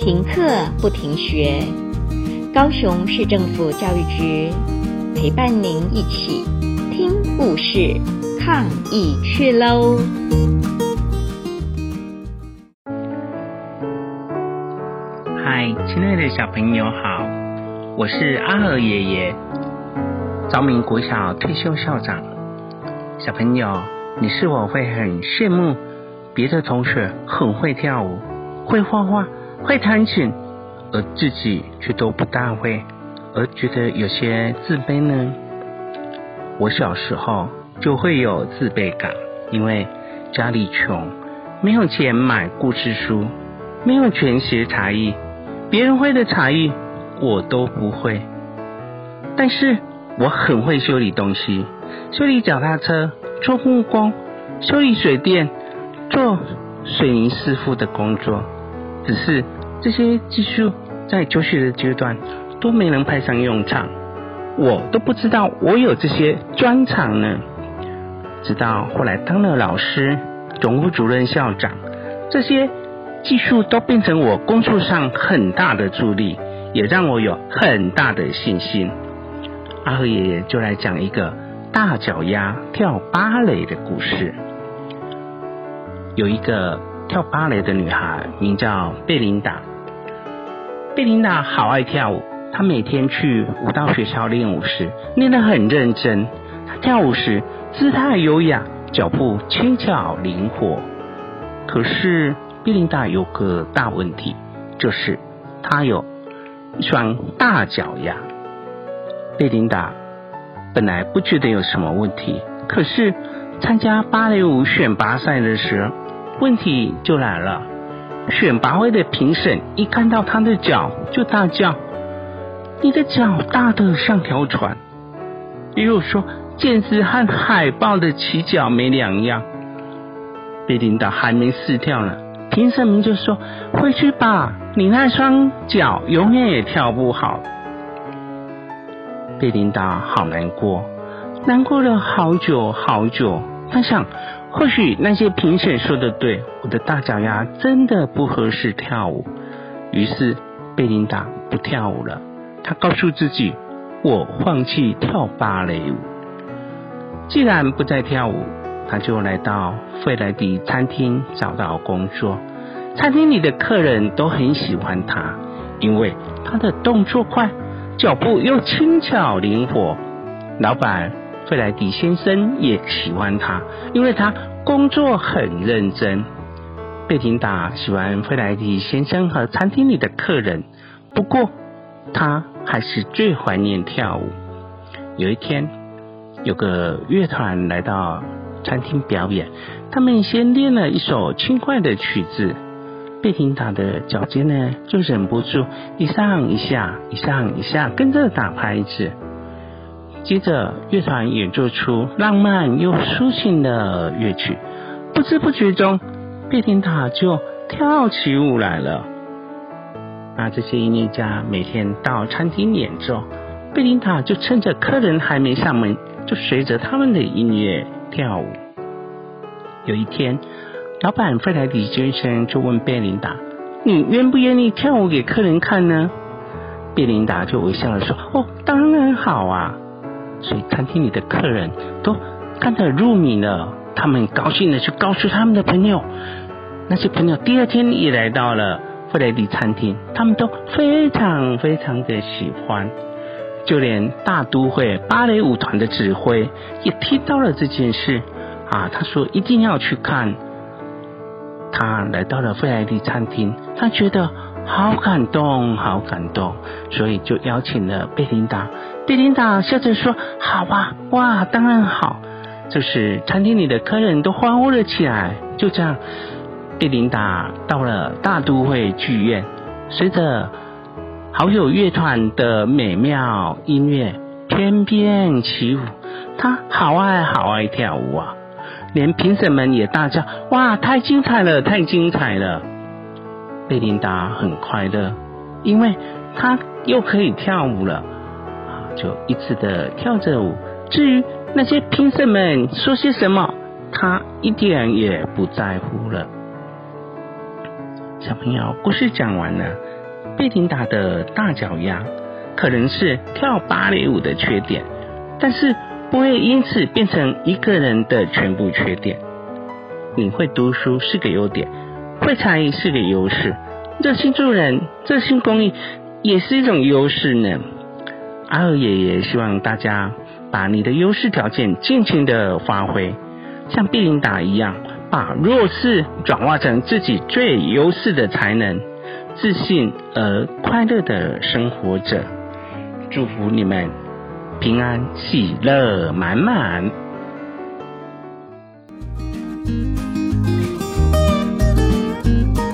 停課不停學，高雄市政府教育局陪伴您一起聽故事、抗疫去嘍！嗨，親愛的小朋友好，我是阿和爺爺，昭明國小退休校長。小朋友，你是否會很羨慕別的同學很會跳舞、會畫畫？會彈琴，而自己卻都不大會，而覺得有些自卑呢？我小時候就會有自卑感，因為家裡窮，沒有錢買故事書，沒有錢學才藝，別人會的才藝我都不會。但是我很會修理東西，修理腳踏車、做木工、修理水電、做水泥師傅的工作。只是這些技術在求學的階段都沒能派上用場，我都不知道我有這些專長呢。直到後來當了老師、總務主任、校長，這些技術都變成我工作上很大的助力，也讓我有很大的信心。阿和爺爺就來講一個大腳丫跳芭蕾的故事。有一個。跳芭蕾的女孩名叫貝琳達。貝琳達好愛跳舞，她每天去舞蹈學校練舞時，練得很認真。她跳舞時姿態優雅，腳步輕巧靈活。可是貝琳達有個大問題，就是她有一雙大腳丫。貝琳達本來不覺得有什麼問題，可是參加芭蕾舞選拔賽的時候，問題就來了，選拔會的評審一看到他的腳，就大叫：“你的腳大的像條船！”又說：“簡直和海豹的鰭腳沒兩樣。”貝琳達還沒試跳呢，評審們就說：“回去吧，你那雙腳永遠也跳不好。”貝琳達好難過，難過了好久好久，他想。或許那些評審說的對，我的大腳丫真的不合適跳舞。於是貝琳達不跳舞了。她告訴自己，我放棄跳芭蕾舞。既然不再跳舞，她就來到費萊迪餐廳找到工作。餐廳裡的客人都很喜歡她，因為她的動作快，腳步又輕巧靈活。老闆。費萊迪先生也喜歡他，因為他工作很認真。貝琳達喜歡費萊迪先生和餐廳裡的客人，不過他還是最懷念跳舞。有一天，有個樂團來到餐廳表演，他們先練了一首輕快的曲子，貝琳達的腳尖呢就忍不住一上一下、一上一下跟着打拍子。接着，樂團演奏出浪漫又抒情的樂曲，不知不覺中，貝琳達就跳起舞來了。那這些音樂家每天到餐廳演奏，貝琳達就趁着客人還沒上門，就隨着他們的音樂跳舞。有一天，老板費萊迪先生就問貝琳達：“你願不願意跳舞給客人看呢？”貝琳達就微笑着說：“哦，當然好啊。”所以餐廳裡的客人都看得入迷了，他們很高興的去告訴他們的朋友，那些朋友第二天也來到了費萊迪餐廳，他們都非常非常的喜歡，就連大都會芭蕾舞團的指揮也聽到了這件事，啊，他說一定要去看，他來到了費萊迪餐廳，他覺得，好感動，好感動，所以就邀請了貝琳達。貝琳達笑着說：“好啊，哇，當然好。”就是餐廳裡的客人都歡呼了起來。就這樣，貝琳達到了大都會劇院，隨着好友樂團的美妙音樂翩翩起舞。她好愛好愛跳舞啊！連評審們也大叫：“哇，太精彩了，太精彩了！”貝琳達很快樂，因為她又可以跳舞了，啊，就一直的跳着舞。至於那些評審們說些什麼，他一點也不在乎了。小朋友，故事講完了。貝琳達的大腳丫可能是跳芭蕾舞的缺點，但是不會因此變成一個人的全部缺點。你會讀書是個優點。會才藝是個優勢，熱心助人、熱心公益也是一種優勢呢。阿和爺爺希望大家把你的優勢條件盡情的發揮，像貝琳達一樣，把弱勢轉化成自己最優勢的才能，自信而快樂的生活着。祝福你們平安喜樂滿滿。